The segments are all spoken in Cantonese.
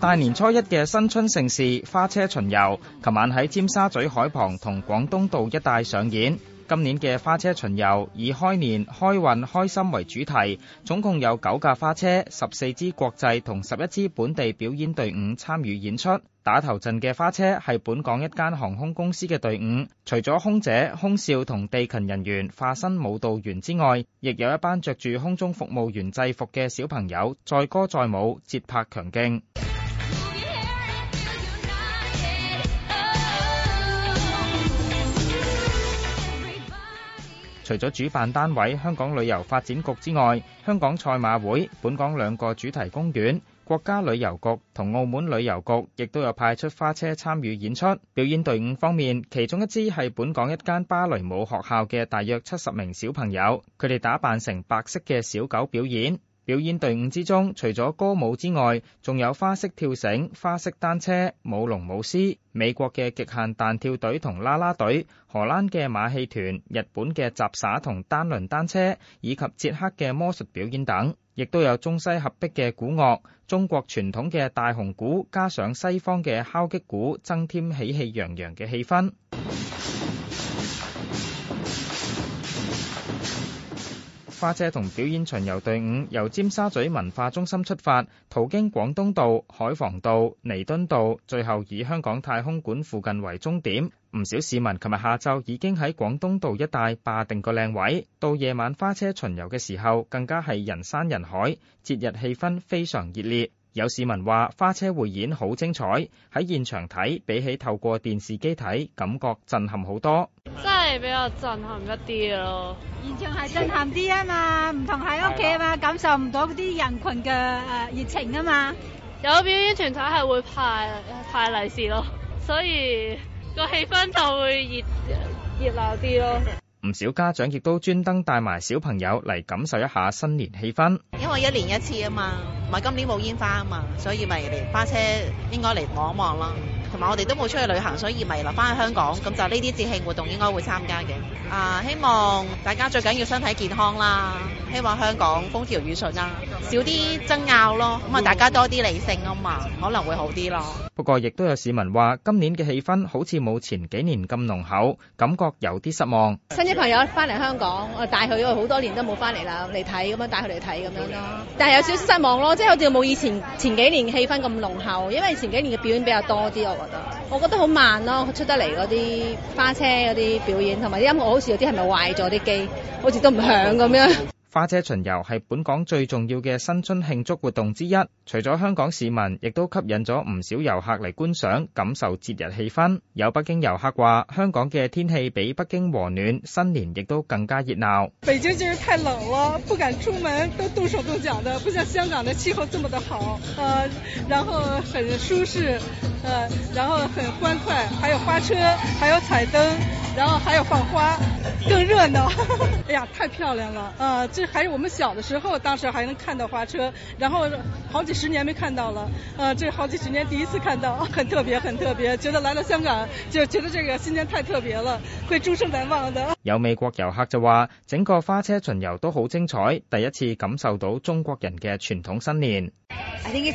大年初一嘅新春盛事花車巡遊，琴晚喺尖沙咀海旁同廣東道一帶上演。今年嘅花車巡遊以開年、開運、開心為主題，總共有九架花車、十四支國際同十一支本地表演隊伍參與演出。打頭陣嘅花車係本港一間航空公司嘅隊伍，除咗空姐、空少同地勤人員化身舞蹈員之外，亦有一班着住空中服務員制服嘅小朋友載歌載舞，節拍強勁。除咗主辦單位香港旅遊發展局之外，香港賽馬會、本港兩個主題公園、國家旅遊局同澳門旅遊局亦都有派出花車參與演出。表演隊伍方面，其中一支係本港一間芭蕾舞學校嘅大約七十名小朋友，佢哋打扮成白色嘅小狗表演。表演隊伍之中，除咗歌舞之外，仲有花式跳繩、花式單車、舞龍舞獅、美國嘅極限彈跳隊同啦啦隊、荷蘭嘅馬戲團、日本嘅雜耍同單輪單車，以及捷克嘅魔術表演等。亦都有中西合璧嘅鼓樂，中國傳統嘅大紅鼓加上西方嘅敲擊鼓，增添喜氣洋洋嘅氣氛。花車同表演巡遊隊伍由尖沙咀文化中心出發，途經廣東道、海防道、彌敦道，最後以香港太空館附近為終點。唔少市民琴日下晝已經喺廣東道一帶霸定個靚位，到夜晚花車巡遊嘅時候，更加係人山人海，節日氣氛非常熱烈。有市民話花車匯演好精彩，喺現場睇比起透過電視機睇，感覺震撼好多，真係比較震撼一啲咯。現場係震撼啲啊嘛，唔同喺屋企啊嘛，的感受唔到嗰啲人群嘅誒熱情啊嘛。有表演團體係會派派利是咯，所以個氣氛就會熱熱鬧啲咯。唔 少家長亦都專登帶埋小朋友嚟感受一下新年氣氛，因為一年一次啊嘛。唔係今年冇煙花啊嘛，所以咪嚟花車應該嚟望一望啦。同埋我哋都冇出去旅行，所以咪留翻去香港。咁就呢啲節慶活動應該會參加嘅。啊，希望大家最緊要身體健康啦！希望香港風調雨順啦，少啲爭拗咯，咁啊大家多啲理性啊嘛，可能會好啲咯。不過亦都有市民話，今年嘅氣氛好似冇前幾年咁濃厚，感覺有啲失望。親戚朋友翻嚟香港，我帶佢，我好多年都冇翻嚟啦，嚟睇咁樣帶佢嚟睇咁樣咯。但係有少少失望咯，即係好似冇以前前幾年氣氛咁濃厚，因為前幾年嘅表演比較多啲，我覺得我覺得好慢咯，出得嚟嗰啲花車嗰啲表演同埋音樂，好似有啲係咪壞咗啲機，好似都唔響咁樣。花車巡遊係本港最重要嘅新春慶祝活動之一，除咗香港市民，亦都吸引咗唔少遊客嚟觀賞，感受節日氣氛。有北京遊客話：香港嘅天氣比北京和暖，新年亦都更加熱鬧。北京就是太冷了，不敢出門，都凍手凍腳的，不像香港的氣候這麼的好，呃，然後很舒適，呃，然後很歡快，還有花車，還有彩燈。然後還有放花，更熱鬧。 哎呀，太漂亮了。呃，這還是我們小的時候，當時還能看到花車，然後好幾十年沒看到了。呃，這好幾十年第一次看到，很特別，很特別。覺得來到香港，就覺得這個新年太特別了，會終生難忘的。有美國遊客就話，整個花車巡遊都好精彩，第一次感受到中國人的傳統新年。I think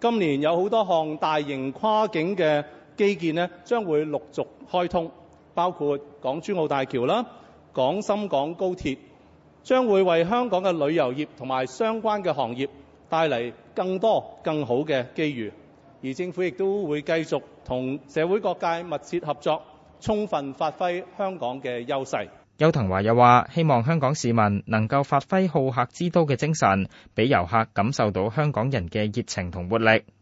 今年有好多項大型跨境嘅基建咧，將會陸續開通，包括港珠澳大橋啦、廣深港高鐵，將會為香港嘅旅遊業同埋相關嘅行業帶嚟更多更好嘅機遇。而政府亦都會繼續同社會各界密切合作，充分發揮香港嘅優勢。邱騰華又話，希望香港市民能夠發揮好客之都嘅精神，俾遊客感受到香港人嘅熱情同活力。